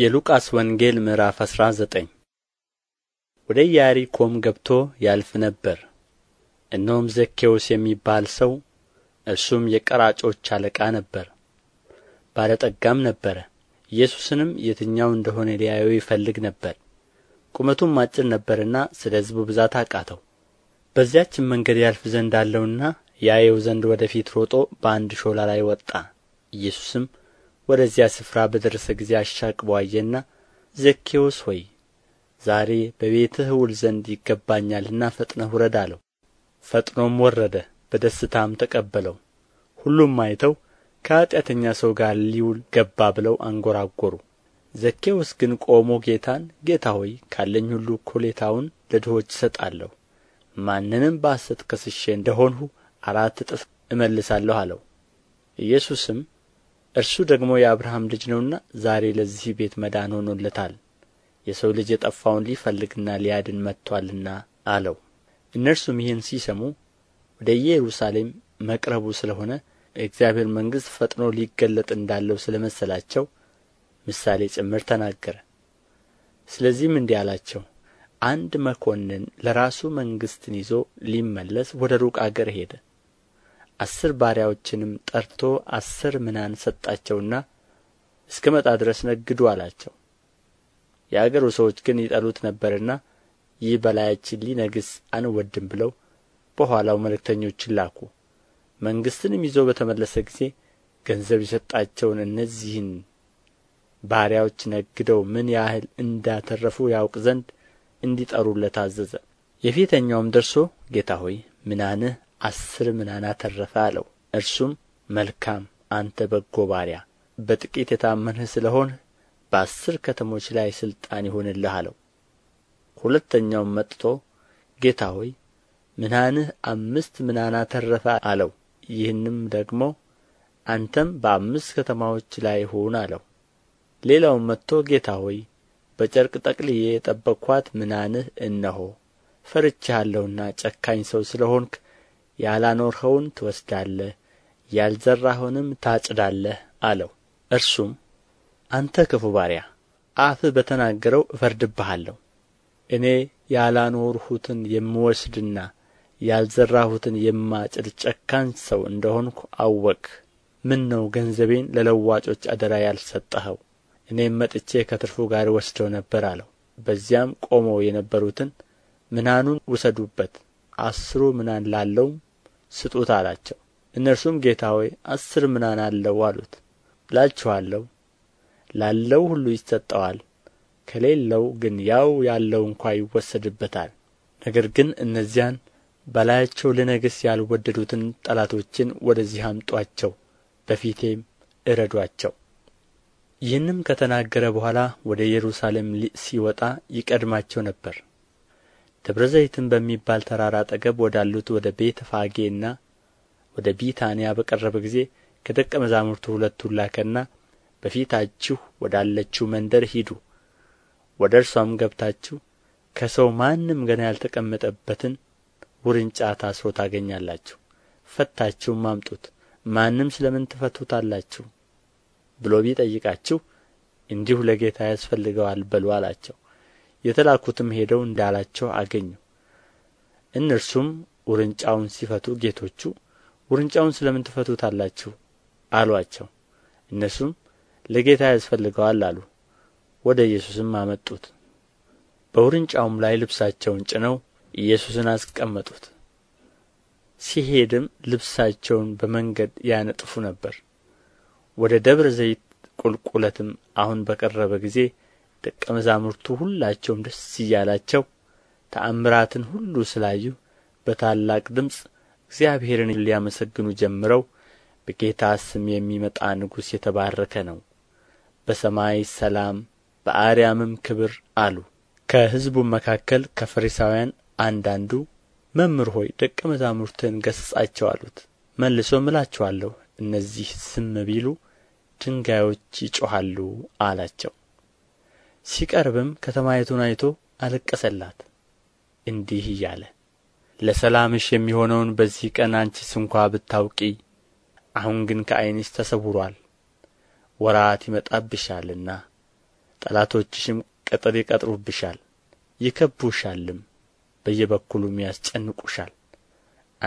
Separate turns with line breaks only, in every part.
የሉቃስ ወንጌል ምዕራፍ 19 ወደ ኢያሪኮም ገብቶ ያልፍ ነበር። እነሆም ዘኬዎስ የሚባል ሰው እርሱም የቀራጮች አለቃ ነበር፣ ባለጠጋም ነበረ። ኢየሱስንም የትኛው እንደሆነ ሊያየው ይፈልግ ነበር። ቁመቱም አጭር ነበርና ስለ ሕዝቡ ብዛት አቃተው። በዚያችን መንገድ ያልፍ ዘንድ አለውና ያየው ዘንድ ወደፊት ሮጦ በአንድ ሾላ ላይ ወጣ። ኢየሱስም ወደዚያ ስፍራ በደረሰ ጊዜ አሻቅቦ አየና ዘኬዎስ ሆይ ዛሬ በቤትህ ውል ዘንድ ይገባኛልና ፈጥነህ ውረድ አለው ፈጥኖም ወረደ በደስታም ተቀበለው ሁሉም አይተው ከኃጢአተኛ ሰው ጋር ሊውል ገባ ብለው አንጎራጎሩ! ዘኬዎስ ግን ቆሞ ጌታን ጌታ ሆይ ካለኝ ሁሉ ኮሌታውን ለድሆች እሰጣለሁ ማንንም በሐሰት ከስሼ እንደሆንሁ አራት እጥፍ እመልሳለሁ አለው ኢየሱስም እርሱ ደግሞ የአብርሃም ልጅ ነውና ዛሬ ለዚህ ቤት መዳን ሆኖለታል የሰው ልጅ የጠፋውን ሊፈልግና ሊያድን መጥቶአልና አለው እነርሱም ይህን ሲሰሙ ወደ ኢየሩሳሌም መቅረቡ ስለ ሆነ የእግዚአብሔር መንግሥት ፈጥኖ ሊገለጥ እንዳለው ስለ መሰላቸው ምሳሌ ጭምር ተናገረ ስለዚህም እንዲህ አላቸው አንድ መኮንን ለራሱ መንግሥትን ይዞ ሊመለስ ወደ ሩቅ አገር ሄደ አሥር ባሪያዎችንም ጠርቶ አሥር ምናን ሰጣቸውና እስክመጣ ድረስ ነግዱ አላቸው የአገሩ ሰዎች ግን ይጠሉት ነበርና ይህ በላያችን ሊነግሥ አንወድም ብለው በኋላው መልእክተኞችን ላኩ መንግሥትንም ይዞ በተመለሰ ጊዜ ገንዘብ የሰጣቸውን እነዚህን ባሪያዎች ነግደው ምን ያህል እንዳተረፉ ያውቅ ዘንድ እንዲጠሩለት አዘዘ የፊተኛውም ደርሶ ጌታ ሆይ ምናንህ አስር ምናን አተረፈ አለው እርሱም መልካም አንተ በጎ ባሪያ በጥቂት የታመንህ ስለ ሆንህ በአስር ከተሞች ላይ ሥልጣን ይሁንልህ አለው ሁለተኛውም መጥቶ ጌታ ሆይ ምናንህ አምስት ምናን አተረፈ አለው ይህንም ደግሞ አንተም በአምስት ከተማዎች ላይ ሁን አለው ሌላውም መጥቶ ጌታ ሆይ በጨርቅ ጠቅልዬ የጠበቅኋት ምናንህ እነሆ ፈርቼሃለሁና ጨካኝ ሰው ስለ ሆንክ ያላኖርኸውን ትወስዳለህ ያልዘራኸውንም ታጭዳለህ አለው እርሱም አንተ ክፉ ባሪያ አፍህ በተናገረው እፈርድብሃለሁ እኔ ያላኖርሁትን የምወስድና ያልዘራሁትን የማጭድ ጨካኝ ሰው እንደ ሆንሁ ምን ነው ገንዘቤን ለለዋጮች አደራ ያልሰጠኸው እኔም መጥቼ ከትርፉ ጋር ወስደው ነበር አለው በዚያም ቆመው የነበሩትን ምናኑን ውሰዱበት አስሩ ምናን ላለውም ስጡት አላቸው እነርሱም ጌታ ሆይ አስር ምናን አለው አሉት እላችኋለሁ ላለው ሁሉ ይሰጠዋል ከሌለው ግን ያው ያለው እንኳ ይወሰድበታል ነገር ግን እነዚያን በላያቸው ልነግስ ያልወደዱትን ጠላቶችን ወደዚህ አምጧቸው በፊቴም እረዷቸው። ይህንም ከተናገረ በኋላ ወደ ኢየሩሳሌም ሲወጣ ይቀድማቸው ነበር ደብረ ዘይትም በሚባል ተራራ አጠገብ ወዳሉት ወደ ቤተ ፋጌና ወደ ቢታንያ በቀረበ ጊዜ ከደቀ መዛሙርቱ ሁለቱን ላከና በፊታችሁ ወዳለችው መንደር ሂዱ ወደ እርሷም ገብታችሁ ከሰው ማንም ገና ያልተቀመጠበትን ውርንጫ ታስሮ ታገኛላችሁ ፈታችሁም አምጡት ማንም ስለ ምን ትፈቱታላችሁ ብሎ ቢጠይቃችሁ እንዲሁ ለጌታ ያስፈልገዋል በሉ አላቸው የተላኩትም ሄደው እንዳላቸው አገኙ እነርሱም ውርንጫውን ሲፈቱ ጌቶቹ ውርንጫውን ስለ ምን ትፈቱታላችሁ አሏቸው እነርሱም ለጌታ ያስፈልገዋል አሉ ወደ ኢየሱስም አመጡት በውርንጫውም ላይ ልብሳቸውን ጭነው ኢየሱስን አስቀመጡት ሲሄድም ልብሳቸውን በመንገድ ያነጥፉ ነበር ወደ ደብረ ዘይት ቁልቁለትም አሁን በቀረበ ጊዜ ደቀ መዛሙርቱ ሁላቸውም ደስ እያላቸው ተአምራትን ሁሉ ስላዩ በታላቅ ድምፅ እግዚአብሔርን ሊያመሰግኑ ጀምረው በጌታ ስም የሚመጣ ንጉሥ የተባረከ ነው በሰማይ ሰላም በአርያምም ክብር አሉ። ከሕዝቡም መካከል ከፈሪሳውያን አንዳንዱ መምህር ሆይ ደቀ መዛሙርትህን ገሥጻቸው አሉት። መልሶም እላችኋለሁ እነዚህ ዝም ቢሉ ድንጋዮች ይጮኻሉ አላቸው። ሲቀርብም ከተማይቱን አይቶ አለቀሰላት እንዲህ እያለ ለሰላምሽ የሚሆነውን በዚህ ቀን አንቺ ስንኳ ብታውቂ አሁን ግን ከዐይንሽ ተሰውሯል ወራት ይመጣብሻልና ጠላቶችሽም ቅጥር ይቀጥሩብሻል፣ ይከቡሻልም፣ በየበኩሉም ያስጨንቁሻል።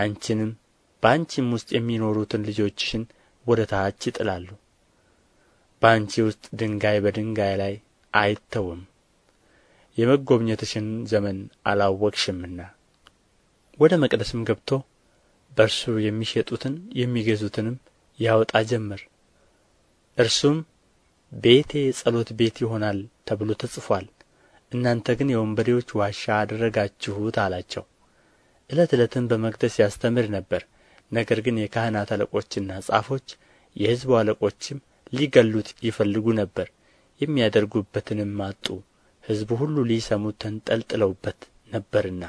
አንቺንም በአንቺም ውስጥ የሚኖሩትን ልጆችሽን ወደ ታች ይጥላሉ። በአንቺ ውስጥ ድንጋይ በድንጋይ ላይ አይተውም የመጎብኘትሽን ዘመን አላወቅሽምና ወደ መቅደስም ገብቶ በእርሱ የሚሸጡትን የሚገዙትንም ያወጣ ጀመር እርሱም ቤቴ የጸሎት ቤት ይሆናል ተብሎ ተጽፏል። እናንተ ግን የወንበዴዎች ዋሻ አደረጋችሁት አላቸው ዕለት ዕለትም በመቅደስ ያስተምር ነበር ነገር ግን የካህናት አለቆችና ጻፎች የሕዝቡ አለቆችም ሊገሉት ይፈልጉ ነበር የሚያደርጉበትንም አጡ ሕዝቡ ሁሉ ሊሰሙት ተንጠልጥለውበት ነበርና